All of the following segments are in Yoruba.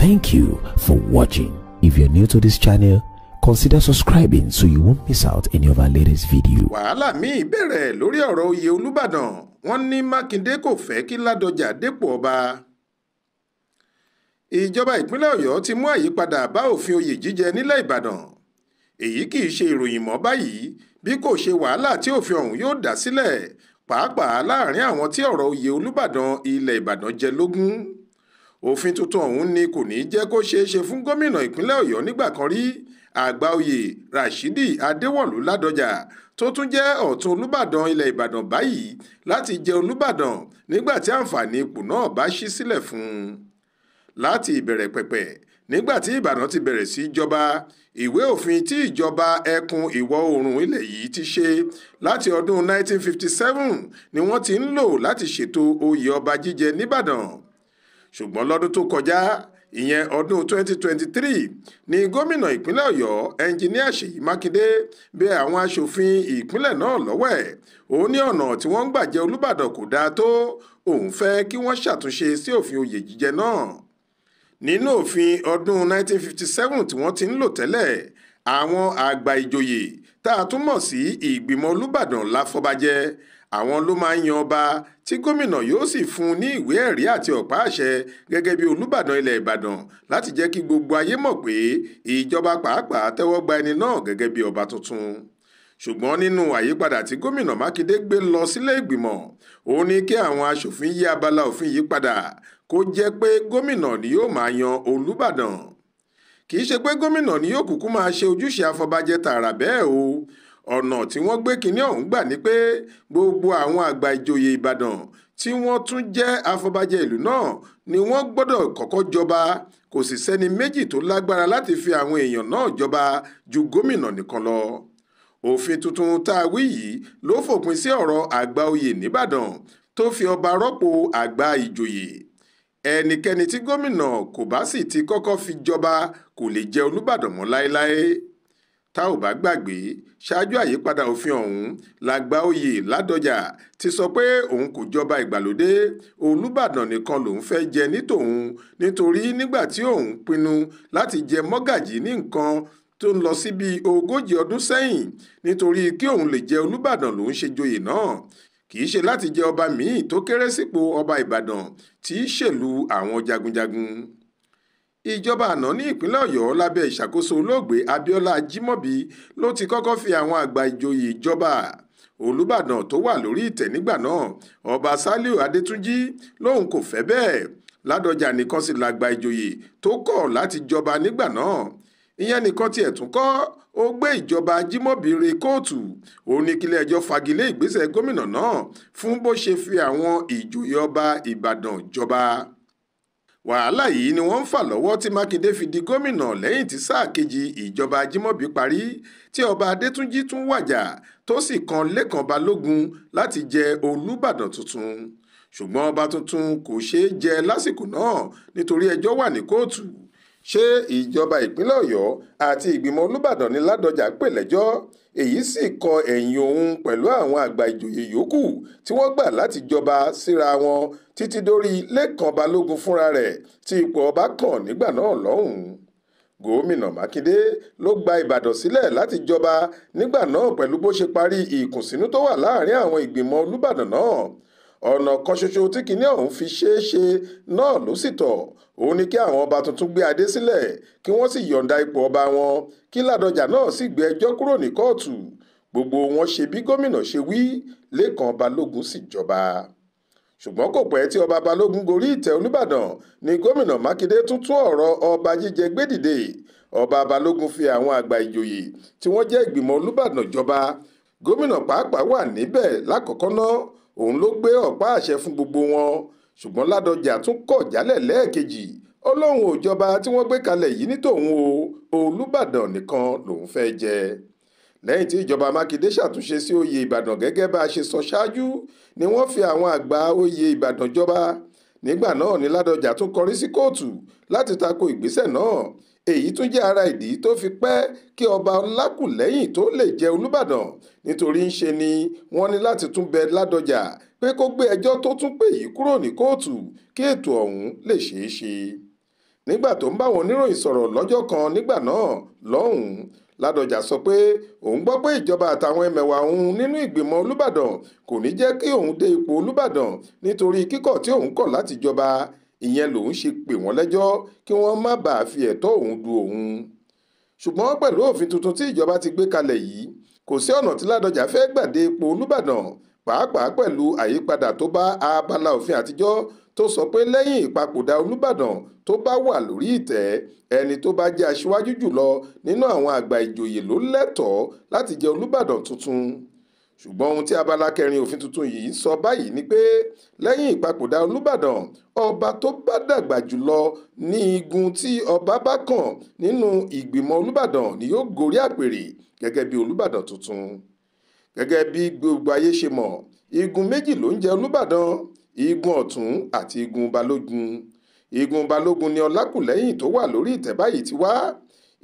Thank you for watching. If you're new to this channel, consider subscribing so you won't miss out any of our latest video. wàhálà míì bẹ̀rẹ̀ lórí ọ̀rọ̀ oyè olùbàdàn wọ́n ní mákindé kò fẹ́ kí ládọjà dépò ọba. ìjọba ìpínlẹ̀ ọ̀yọ́ ti mú àyípadà bá òfin oyè jíjẹ nílẹ̀ ìbàdàn èyí kì í ṣe ìròyìn mọ́ báyìí bí kò ṣe wàhálà tí òfin ọ̀hún yóò dá sílẹ̀ pàápàá láàrin àwọn tí ọ̀rọ̀ oyè olùbàdàn ilẹ̀ ìbàdàn jẹ lógún òfin tuntun ọ̀hún ni kò ní jẹ́ kó ṣeé ṣe fún gómìnà ìpínlẹ̀ ọ̀yọ́ nígbà kan rí àgbà oyè rashidi adéwọ̀lú ládọjà tó tún jẹ́ ọ̀tún olùbàdàn ilẹ̀ ìbàdàn báyìí láti jẹ olùbàdàn nígbà tí àǹfààní ipò náà bá ṣí sílẹ̀ fún un láti ìbẹ̀rẹ̀ pẹ̀pẹ̀ nígbà tí ìbàdàn ti bẹ̀rẹ̀ sí jọba ìwé òfin tí ìjọba ẹkùn ìwọ̀ oòrùn ilẹ̀ yìí ti ṣe láti ọdún 1957 ni wọ́n ti ń lò láti ṣètò oyè ọba jíjẹ níbàdàn ṣùgbọ́n lọ́dún tó kọjá ìyẹn ọdún 2023 ni gómìnà ìpínlẹ̀ ọ̀yọ́ ẹnjiníà ṣèyí mákindé bẹ àwọn aṣòfin ìpínlẹ̀ náà lọ́wọ́ ẹ̀ òun ní ọ̀nà tí wọ́n ń gbàjẹ́ olùbàdàn kò dáa tó òun fẹ́ kí wọ́n ṣàtúnṣe sí òfin oyè jíjẹ náà nínú òfin ọdún 1957 tí wọ́n ti ń lò tẹ́lẹ̀ àwọn àgbà ìjòyè tá a tún mọ̀ sí ìgbìmọ̀ olùbàdàn láfọbàjẹ́ àwọn ló máa ń yan ọba tí gómìnà yóò sì fún un ní ìwé ẹ̀rí àti ọ̀pá àṣẹ gẹ́gẹ́ bí olùbàdàn ilẹ̀ ìbàdàn láti jẹ́ kí gbogbo ayé mọ̀ pé ìjọba pàápàá tẹ́wọ́ gba ẹni náà gẹ́gẹ́ bí ọba tuntun ṣùgbọ́n nínú àyípadà tí gómìnà mákindé gbé lọ sílé ìgbìmọ̀ ó ní kí àwọn aṣòfin yí abala òfin yìí padà kó jẹ́ pé gómìnà ni yóò máa yan olùbàdàn kì í ṣe pé gómìnà ni yóò kúkú máa ṣe ojúṣe afọbajẹ tààrà bẹ́ẹ̀ o ọ̀nà tí wọ́n gbé kinní ọ̀hún gbà ni pé gbogbo àwọn àgbà ìjòyè ìbàdàn tí wọ́n tún jẹ́ afọbajẹ ìlú náà ni wọ́n gbọ́dọ̀ kọ́kọ́ jọba kò sì sẹ́ni méjì tó lágbára láti fi àwọn èèyàn náà jọba ju gómìnà nìkan lọ òfin tuntun tá a wí yìí ló fòpin sí ọ̀rọ̀ àgbà oyè nìbàdàn tó fi ọba rọ́pò àgbà ìjòyè ẹnikẹ́ni tí gómìnà kò bá sì ti kọ́kọ́ fi jọba kò lè jẹ́ olùbàdàn mọ́ láéláé tá ò bá gbàgbé ṣáájú àyípadà òfin ọ̀hún lágbàóyè ládọjà ti sọ pé òun kò jọba ìgbàlódé olùbàdàn nìkan lòun fẹ́ jẹ ní tòun nítorí nígbà tí òun pinnu láti jẹ mọ́gàjì ní nǹkan tó ń lọ sí bíi ogójì ọdún sẹ́yìn nítorí kí òun lè jẹ olùbàdàn lòun ṣe joyè náà kì í ṣe láti jẹ ọba míì tó kéré sípò ọba ìbàdàn tí í ṣèlú àwọn jagunjagun ìjọba àná ní ìpínlẹ̀ ọ̀yọ́ lábẹ́ ìṣàkóso olóògbé abiola ajimobi ló ti kọ́kọ́ fi àwọn àgbà ìjòyè ìjọba olùbàdàn tó wà lórí ìtẹ̀ nígbà náà ọba saliu adétúnjì lòun kò fẹ́ bẹ́ẹ̀ ládọjà nìkan sì làgbà ìjòyè tó kọ̀ láti jọba nígbà náà ìyẹn nìkan tiẹ̀ tún kọ́ ó gbé ìjọba Ajímọ̀bí re kóòtù ó ní kílẹ̀ ẹjọ́ fagilé ìgbésẹ̀ gómìnà náà fún bó ṣe fi àwọn ìjòyè ọba Ìbàdàn jọba wàhálà yìí ni wọ́n ń fà lọ́wọ́ tí mákindé fi di gómìnà lẹ́yìn tí sáà kejì ìjọba ajímọ̀bí parí tí ọba adétúnjì tún wàjà tó sì kan lẹ́kàn balógun láti jẹ olùbàdàn tuntun ṣùgbọ́n ọba tuntun kò ṣeé jẹ lásìkò náà nítorí ẹjọ́ wà ní kóòtù ṣé ìjọba ìpínlẹ̀ ọ̀yọ́ àti ìgbìmọ̀ olùbàdàn ní ládọjà pè lẹ́jọ́ èyí sì kọ ẹ̀yìn òun pẹ̀lú àwọn àgbà ìjòyè yòókù tí wọ́n gbà láti jọba síra wọn títí dórí lẹ́kàn balógun fúnra rẹ̀ tí ipò ọba kàn nígbà náà lọ́hùn gómìnà mákindé ló gba ìbàdàn sílẹ̀ láti jọba nígbà náà pẹ̀lú bó ṣe parí ìkùnsínú tó wà láàrin àwọn ìgbìmọ̀ olùbàdàn náà ọ̀nà kan ṣoṣo tí kinní ọ̀hún fi ṣeé ṣe náà ló sì tọ̀ òun ni kí àwọn ọba tuntun gbé adé sílẹ̀ kí wọ́n sì yọ̀ǹda ipò ọba wọn kí ládọjà náà sì gbé ẹjọ́ kúrò ní kóòtù gbogbo wọn ṣe bí gómìnà ṣe wí lẹ́kàn balógun sì jọba ṣùgbọ́n kò pẹ́ tí ọba balógun gorí ìtẹ́ olùbàdàn ni gómìnà mákindé tún tún ọ̀rọ̀ ọba jíjẹ gbé dìde ọba balógun fi àwọn àgbà ìjòyè tí wọ́n jẹ́ ìgbìmọ̀ olùbàdàn jọba gómìnà pàápàá wà níbẹ̀ lákọ̀ọ́kọ́ náà òun ló gbé ọ̀pá àṣẹ fún gbogbo wọn ṣùgbọ́n ládọjà tún kọ̀ jálẹ̀ lẹ́ẹ̀kejì ó lóun ò jọba tí wọ́n gbé kalẹ̀ yìí ní tòun o olùbàdàn nìkan lòun fẹ́ jẹ lẹ́yìn tí ìjọba mákindé ṣàtúnṣe sí oyè ìbàdàn gẹ́gẹ́ bá a ṣe sọ ṣáájú ni wọ́n fi àwọn àgbà oyè ìbàdàn jọba nígbà náà ni ládọjà tún kọrí sí kóòtù láti tako ìgbésẹ̀ náà èyí tún jẹ́ ara ìdí tó fi pẹ́ kí ọba ọlákùlẹ́yìn tó lè jẹ olùbàdàn nítorí ńṣe ni wọ́n ní láti tún bẹ ládọjà pé kó gbé ẹjọ́ tó tún pè yìí kúrò ní kóòtù kí ètò ọ̀hún lè ṣeé ṣe nígbà tó ń bá wọn oníròyìn sọ̀rọ̀ lọ́jọ́ kan nígbà náà lọ́hùn-ún ládọjà sọ pé òun gbọ́ pé ìjọba àtàwọn ẹmẹ̀wà òun nínú ìgbìmọ̀ olùbàdàn kò ní jẹ́ kí òun dé ipò olùbàdàn nítorí kíkọ̀ tí òun kọ̀ láti jọba ìyẹn lòun ṣe pè wọ́n lẹ́jọ́ kí wọ́n má bàa fi ẹ̀tọ́ òun du òun ṣùgbọ́n pẹ̀lú òfin tuntun tí ìjọba ti gbé kalẹ̀ yìí kò sí ọ̀nà tí ládọjà fẹ́ gbà ipò olùbàdàn pàápàá pẹ̀lú àyípadà tó bá abala òfin àtijọ́ tó sọ pé lẹ́yìn ìpapòdà olùbàdàn tó bá wà lórí ìtẹ́ ẹni tó bá jẹ́ aṣíwájú jùlọ nínú àwọn àgbà ìjòyè ló lẹ́tọ̀ọ́ láti jẹ olùbàdàn tuntun ṣùgbọ́n ohun tí abala kẹrin òfin tuntun yìí sọ báyìí ni pé lẹ́yìn ìpapòdà olùbàdàn ọba tó bá dàgbà jùlọ ní igun tí ọba bá kàn nínú ìgbìmọ̀ olùbàdàn ni yóò gorí àpèrè gẹ́gẹ́ bí olùbàdàn tuntun gẹ́gẹ́ bí gbogbo ayé ṣe mọ̀ igun méjì ló ń jẹ olùbàdàn igun ọ̀tún àti igun balógun igun balógun ni ọlákùlẹ́yìn tó wà lórí ìtẹ́ báyìí ti wá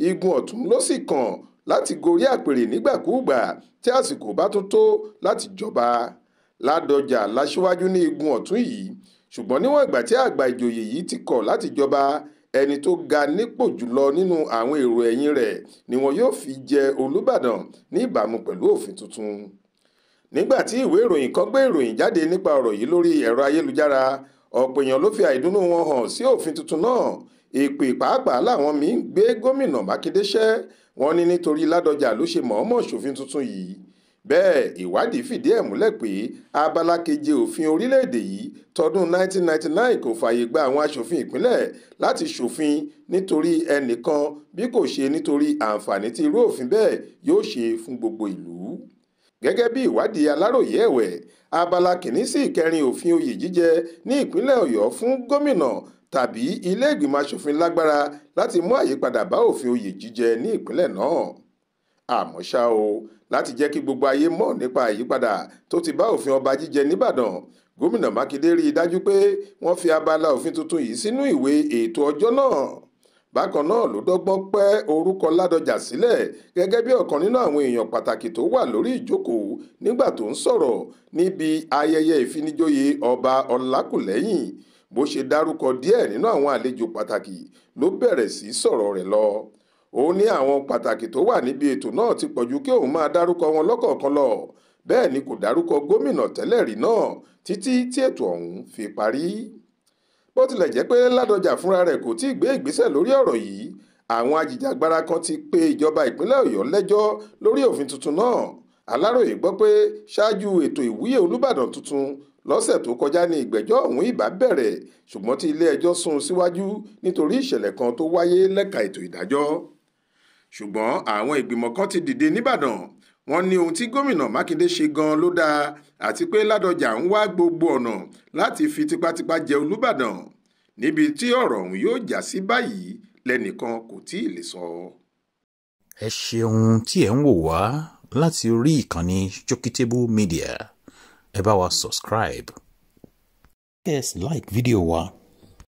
igun ọ̀tún ló sì kàn láti gorí àpèrè nígbàkúùgbà tí àsìkò bá tún tó láti jọba ládọjà láṣíwájú ní igun ọ̀tún yìí ṣùgbọ́n níwọ̀n ìgbà tí àgbà ìjòyè yìí ti kọ̀ láti jọba ẹni tó ga nípò jùlọ nínú àwọn èrò ẹ̀yìn rẹ̀ ni wọn yóò fi jẹ olùbàdàn ní ìbámu pẹ̀lú òfin tuntun nígbà tí ìwé ìròyìn kan gbé ìròyìn jáde nípa ọ̀rọ̀ yìí lórí ẹ̀rọ ayélujára ọ̀pọ̀ èèyàn ló fi àìdùnnú wọn hàn sí òfin tuntun náà èpè pàápàá làwọn míì gbé gómìnà mákindé ṣẹ́ wọn ní nítorí ládọjà ló ṣe mọ̀ọ́mọ̀ ṣòfin tuntun yìí bẹ́ẹ̀ ìwádìí fìdí ẹ̀ múlẹ̀ pé abala keje òfin orílẹ̀-èdè yìí tọdún 1999 kò fààyè gba àwọn aṣòfin ìpínlẹ̀ láti ṣòfin nítorí ẹnìkan bí kò ṣe nítorí àǹfààní tí irú òfin bẹ́ẹ̀ yóò ṣe fún gbogbo ìlú gẹ́gẹ́ bí ìwádìí aláròye ẹ̀wẹ̀ abala kìíní sí ìkẹrin òfin oyè jíjẹ ní ìpínlẹ̀ ọ̀yọ́ fún gómìnà tàbí ilé ìgbìmọ̀ asòfin lágbára láti mú àyípadà bá òfin oyè jíjẹ ní ìpínlẹ̀ náà àmọ́ ṣá o láti jẹ́ kí gbogbo ayé mọ̀ nípa àyípadà tó ti bá òfin ọba jíjẹ nìbàdàn gómìnà mákindé rí i dájú pé wọ́n fi abala òfin tuntun yìí sínú ìwé ètò ọjọ́ náà bákan náà ló dọ́gbọ́n pẹ́ orúkọ ládọjà sílẹ̀ gẹ́gẹ́ bí ọ̀kan nínú àwọn èèyàn pàtàkì tó wà lórí ìjókòó nígbà tó ń sọ̀rọ̀ níbi ayẹyẹ ìfinijoyè ọba ọlákùlẹ́yìn bó ṣe dárúkọ díẹ̀ nínú àwọn àlejò pàtàkì ló bẹ̀rẹ̀ sí sọ̀rọ̀ rẹ̀ lọ ó ní àwọn pàtàkì tó wà níbi ètò náà ti pọ̀jù kí òun máa dárúkọ wọn lọ́kọ̀ọ̀kan lọ bẹ́ẹ̀ ni kò dárúkọ gómìnà tẹ́lẹ̀ rí náà títí tí ètò ọ̀hún fi parí bó tilẹ̀ jẹ́ pé ládọjà fúnra rẹ̀ kò tí ì gbé ìgbésẹ̀ lórí ọ̀rọ̀ yìí àwọn ajìjàgbara kan ti pe ìjọba ìpínlẹ̀ ọ̀yọ́ lẹ́jọ́ lórí òfin tuntun náà aláròye gbọ́ pé ṣáájú ètò ìwúyè olùbàdàn tuntun lọ́sẹ̀ tó kọjá ní ìgbẹ́jọ́ ọ̀hún ìbá bẹ̀rẹ̀ ṣùgbọ́n tí ilé-ẹjọ́ sún síwájú nítorí ìṣẹ̀lẹ̀ kan tó wáyé lẹ́ka ètò ìdájọ́ ṣùgbọ́n àwọn ìgbìmọ̀ kan ti dìde níbàdàn wọ́n ní ohun tí gómìnà mákindé ṣe gan-an ló dáa àti pé ládọjà ń wá gbogbo ọ̀nà láti fi tipátipá jẹ olùbàdàn níbi tí ọ̀rọ̀ ọ̀hún yóò já sí báyìí lẹ́nìkan kò tí ì lè sọ. ẹ ṣeun tí ẹ ń wò wá láti orí ìkànnì Chokitable Media ẹ bá wa subscribe. yes like video wa.